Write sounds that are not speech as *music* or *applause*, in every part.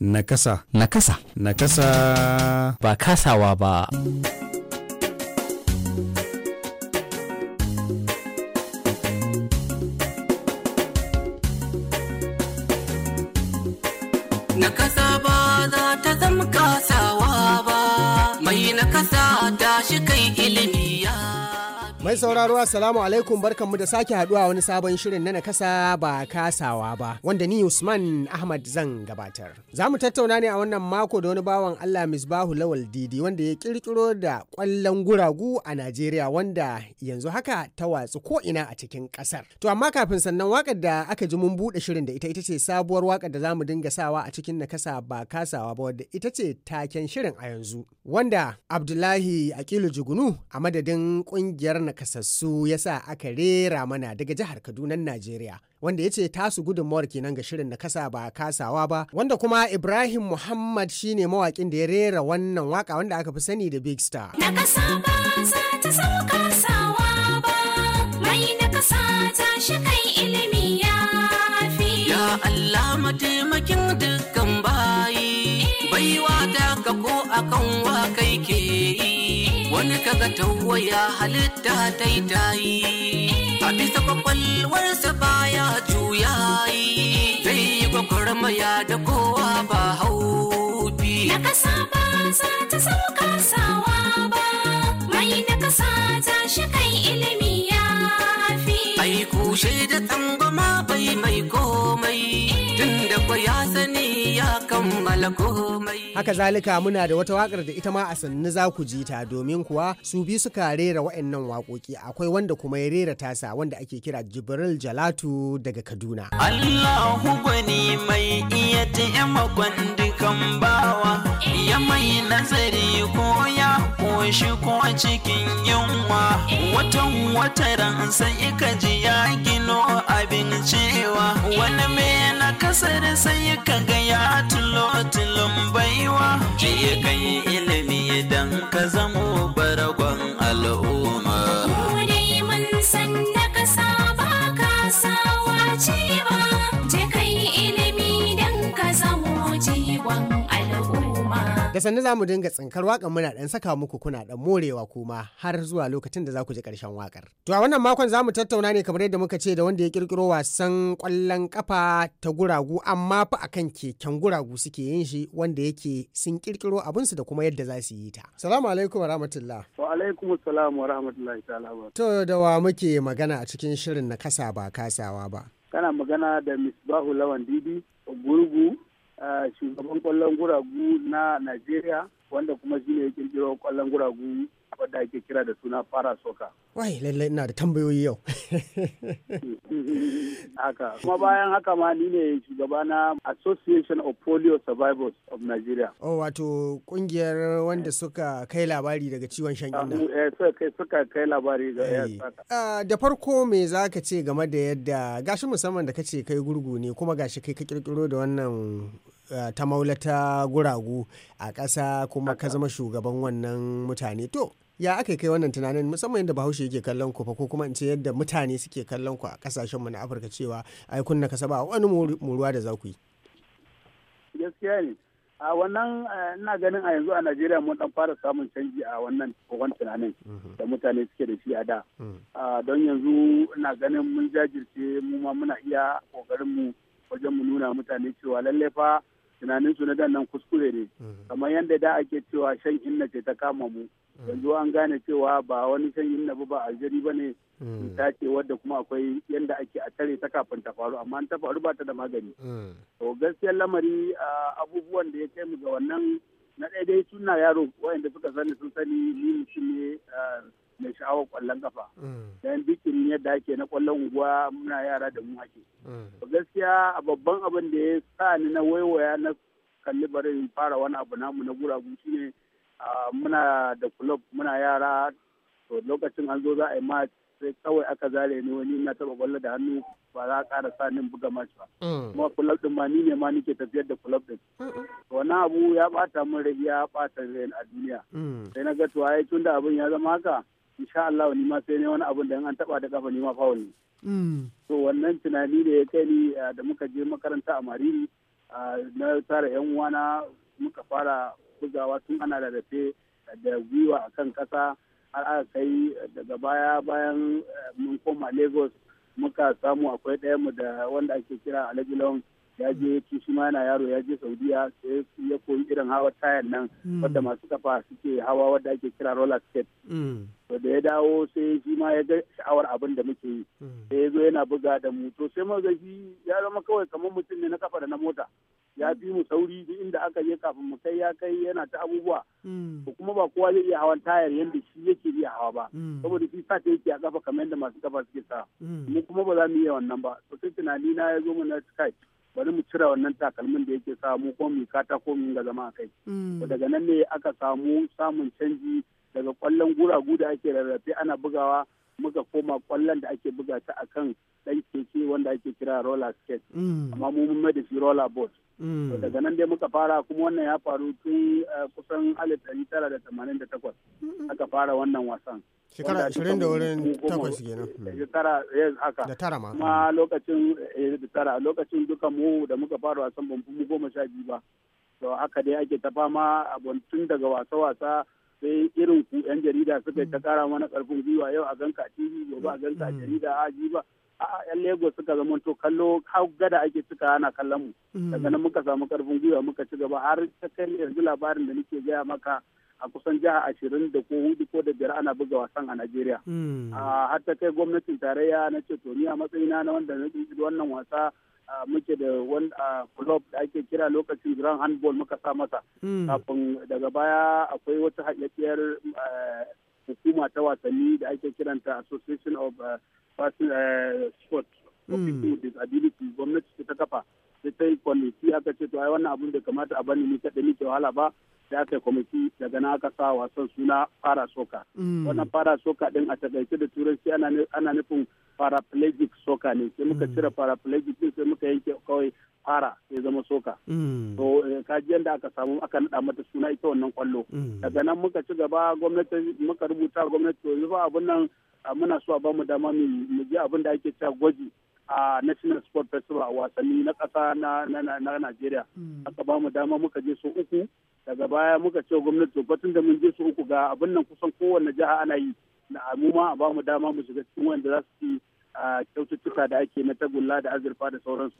Nakasa. Nakasa. Nakasa. Ba kasawa ba. Nakasa ba za ta zama kasawa ba, mai nakasa ta shi kai ilimi. Mai sauraro Assalamu alaikum barkanmu da sake haduwa wani sabon shirin na nakasa ba kasawa ba wanda ni Usman Ahmad zan gabatar. Za mu tattauna ne a wannan mako da wani bawan Allah Misbahu Lawal Didi wanda ya kirkiro da kwallon guragu a Najeriya wanda yanzu haka ta watsu ko ina a cikin kasar. To amma kafin sannan wakar da aka ji mun bude shirin da ita ita ce sabuwar wakar da zamu dinga sawa a cikin nakasa ba kasawa ba wanda ita ce taken shirin a yanzu wanda Abdullahi Akilu Jugunu a madadin kungiyar nakasassu ya sa aka rera mana daga jihar Kaduna Najeriya wanda ya ce tasu gudunmawar kenan ga shirin na kasa ba kasawa ba wanda kuma Ibrahim Muhammad shine mawakin da ya rera wannan waka wanda aka fi sani da Big Star. Na ba ko akan wa kai ke ga tawaya halitta ta yi tayi a bisa kwakwalwarsa baya juya yi zai yi maya da kowa ba haufi na kasa ba za ta sauka sawa na komai. Haka zalika muna da wata wakar da ita ma a sannu za ku ji ta domin kuwa su bi suka rera wa'annan waƙoƙi akwai wanda kuma ya rera tasa wanda ake kira Jibril Jalatu daga Kaduna. Allahu Bani mai iya ta'ima kwandukan bawa ya mai nazari ko ya koshi ko cikin yunwa watan wataran sai ka ji ya gino abin cewa wani mai na kasar sai ka ga ya tulo Da sannu za mu dinga tsinkar waƙar muna ɗan saka muku kuna ɗan morewa kuma har zuwa lokacin da za ku ji ƙarshen waƙar. To a wannan makon za mu tattauna ne kamar yadda muka ce da wanda ya ƙirƙiro wasan ƙwallon ƙafa ta guragu amma fa akan keken guragu suke yin shi wanda yake sun ƙirƙiro abinsu da kuma yadda za su yi ta. Salamu alaikum wa rahmatullah. Wa alaikum salam wa rahmatullahi ta'ala. To da wa muke magana a cikin shirin na kasa ba kasawa ba. Kana magana da Miss Bahu Lawan Didi, Gurgu, shugaban kwallon guragu na Najeriya wanda kuma shine ya kirkiro kwallon guragu wadda ake kira da suna fara soka. Wai lallai ina da tambayoyi yau. *laughs* Haka kuma bayan haka ma ni ne shugaba na Association of Polio Survivors of Nigeria. Oh wato kungiyar wanda suka kai labari daga ciwon shan inna. Eh, suka kai labari ga eh. ah, Da farko me za ka ce game da yadda gashi musamman da ka kace kai gurgu ne kuma gashi kai ka kirkiro da wannan Eh, ta maulata guragu a ƙasa kuma ka zama shugaban wannan mutane to ya aka kai wannan tunanin musamman yadda bahaushe yake kallon ku fa ko kuma in ce yadda mutane suke kallon ku a kasashen mu na afirka cewa ai kun na kasaba wani muruwa da za ku yi gaskiya ne a wannan eh, ina ganin a yanzu a najeriya mun dan fara samun canji a wannan kogon tunanin mhm. da mutane suke da shi a da mhm. don yanzu ina ganin mun jajirce mu ma muna iya kokarin mu wajen mu nuna mutane cewa lallai fa tunanin su na dan nan kuskure ne mm. kamar yadda da ake cewa shan inna ce ta kama mu mm. yanzu an gane cewa ba wani shan inna ba ba aljari ba ne mm. cuta ce wadda kuma akwai yadda ake a tare ta kafin ta faru amma ta faru ba ta da magani to gaskiyar lamari abubuwan da ya kai mu ga wannan na ɗaya dai suna yaro wayanda suka sani sun sani ni mutum ne mai sha'awar kwallon kafa mm. dan bikin da ake na kwallon unguwa muna yara da mu ake mm. gaskiya a babban abin da ya sa ni na waiwaya na kalli barin fara wani abu namu na guragu shine muna da club muna yara to lokacin an zo za a yi match sai kawai aka zare ni wani na taba kwallo da hannu ba za a ƙara sa nin buga match ba mm. kuma club din ma ni ne ma nake tafiyar da kulob din wannan abu ya bata min rai ya bata rai a duniya sai na ga to ai tunda abin ya zama haka insha Allah ni ma sai ne wani abun da an taba da kafa ni ma fawo ne to mm. wannan tunani da ya kai ni da muka je makaranta a Mariri na tara yan uwana muka fara bugawa tun ana da rafe da gwiwa a kan kasa har aka kai daga baya bayan eh, mun koma Lagos muka samu akwai ɗayan mu da wanda ake kira Alhaji Long ya je yake shi ma yana yaro ya je saudiya sai ya koyi irin hawa tayan nan mm. wadda masu kafa suke hawa wadda ake kira roller skate mm. to da ya dawo sai shi ma ya ga sha'awar abin da muke yi mm. sai ya zo yana buga da mu to sai mun shi ya zama kawai kamar mutum ne na kafa da na mota ya fi mu sauri duk inda aka je kafin mu kai ya kai yana ta abubuwa to kuma ba kowa zai iya hawan tayar yadda shi yake iya hawa ba saboda shi sa ta yake a kafa kamar yadda masu kafa suke sa mu kuma ba za mu iya wannan ba to sai tunani na ya zo mu na skype bari mu cire wannan takalmin da yake samu ko mu katako mu ga zama a kai mm. daga nan ne aka samu samun canji daga kwallon guragu da ake rarrafe ana bugawa muka koma kwallon da ake buga ta akan dan keke wanda ake kira roller skate mm. amma mu mun da shi roller boat. Mm. daga nan dai muka fara kuma wannan ya faru tun eh, kusan alif ɗari tara da tamanin da takwas aka fara wannan wasan shekara ashirin da wurin takwas kenan shekara mm. eh, eh, haka da tara ma kuma lokacin da tara lokacin duka mu da muka fara wasan ban mu goma sha biyu ba to haka dai ake ta fama tun daga wasa-wasa sai irin ku yan jarida suka yi ta mm. kara mana karfin gwiwa yau a ganka tv gobe a ganka mm. jarida a ba a yan lagos suka zama to kallo hau gada ake cika ana kallon mu mm. daga nan muka samu karfin gwiwa muka ci gaba har ta kai yanzu labarin da nake gaya maka a kusan jiha ashirin da ko hudu ko da biyar ana buga wasan a najeriya har ta kai gwamnatin tarayya na ce to ni a matsayina na wanda na wannan wasa muke da wani club da ake kira lokacin grand handball muka sa masa hmm. kafin daga baya akwai wata haɗaɗɗiyar eh, hukuma ta wasanni da ake kiranta association of eh, eh, sport of hmm. people with disabilities gwamnati ta kafa sai ta yi kwamiti aka ce to ai wannan abun da kamata a bani ni kaɗai nike wahala ba sai aka yi kwamiti daga na aka sa wasan suna fara soka hmm. wannan fara soka din a takaice da turanci ana nufin paraplegic soka ne sai muka mm. cire paraplegic din sai muka yanke kawai fara sai zama soka mm. eh, to ji da aka samu aka nada mata suna ita wannan kwallo mm. daga nan muka ci gaba gwamnati muka rubuta gwamnati to yanzu abun nan muna so a bamu dama mu je abin da ake cewa gwaji a national sport festival a wasanni na kasa na Najeriya aka bamu dama muka je so uku daga baya muka ce gwamnati to batun da mun je so uku ga abin nan kusan kowanne jiha ana yi mu ma a ba mu dama mu shiga cikin wanda za su ci kyaututtuka da ake na tagulla da azurfa da sauransu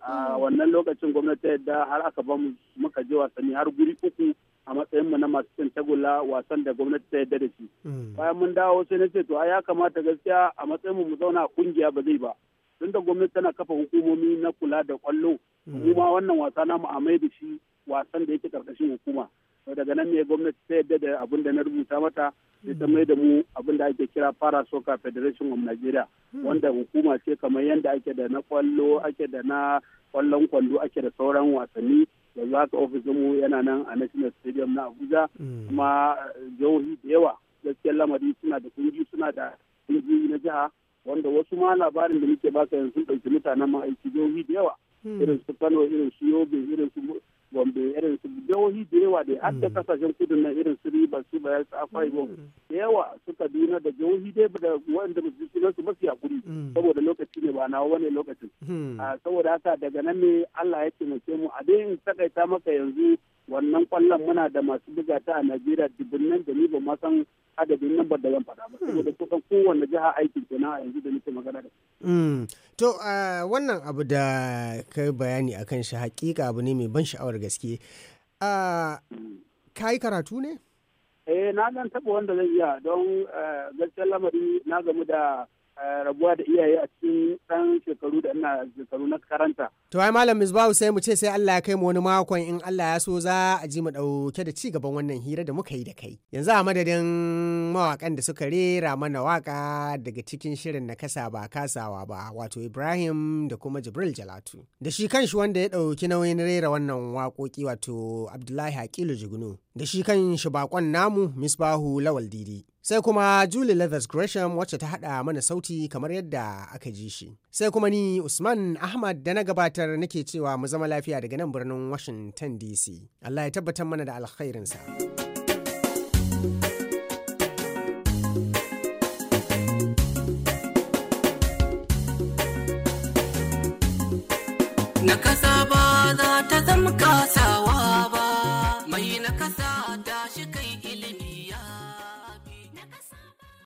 a wannan lokacin gwamnati ta yadda har aka ba mu muka je wasanni har guri uku a matsayin mu na masu cin tagulla wasan da gwamnati ta yadda da shi hmm. bayan mun dawo sai na ce to ya kamata gaskiya a matsayin mu mu zauna kungiya ba zai ba tun da gwamnati tana kafa hukumomi na kula da kwallo mu hmm. ma wannan wasa na mu mai da shi wasan da yake karkashin hukuma to daga nan ne gwamnati ta yadda da abin da na rubuta mata sai ta mai da mu abin da ake kira para soka federation of nigeria hmm. wanda hukuma ce kamar yadda ake da na kwallo ake da na kwallon kwallo ake da sauran wasanni yanzu haka ofisin mu yana nan a national stadium na abuja hmm. kuma eh, jihohi da yawa gaskiyar lamari suna da kungi suna da kungiyoyi na jiha wanda wasu ma labarin da muke baka yanzu sun ɗauki mutanen ma'aiki jihohi da yawa hmm. irin su kano irin su yobe irin su gombe irin su jihohi da yawa da har da mm. kasashen kudu na irin su riba su bayan su akwai mm. da yawa su kaduna da jihohi dai da wanda su sunan su mafi hakuri mm. saboda lokaci ne ba na wani lokacin ah, saboda haka daga nan ne Allah ya taimake mu a dai in takaita maka yanzu wannan kwallon muna da masu buga ta a Najeriya dubunnan da ni ba ma san adadin nan ba da zan faɗa ba saboda kusan kowanne jiha aikin kenan a yanzu da nake magana da To wannan abu da ka bayani a kan shi hakika abu ne mai ban sha'awar gaske. ka yi karatu ne? Eh na dan taɓa wanda zai iya don eh, gaskiyar lamari na gamu da eh, rabuwa da iyaye a cikin suna shekaru na karanta. To ai malam Misbahu sai mu ce sai Allah ya kai mu wani makon in Allah ya so za a ji mu ɗauke da ci gaban wannan hira da muka yi da kai. Yanzu a madadin mawakan da suka rera mana waka daga cikin shirin na kasa ba kasawa ba wato Ibrahim da kuma Jibril Jalatu. Da shi kanshi wanda ya ɗauki nauyin rera wannan waƙoƙi wato Abdullahi Hakilu Jigunu. Da shi kan shi bakon namu Misbahu Lawal Didi. sai kuma Julie Leathers Gresham wacce ta haɗa mana sauti kamar yadda aka ji shi. Sai kuma ni Usman Ahmad da na gabatar nake cewa mu zama lafiya daga nan birnin Washington DC. Allah ya tabbatar mana da alkhairinsa. Na kasa ba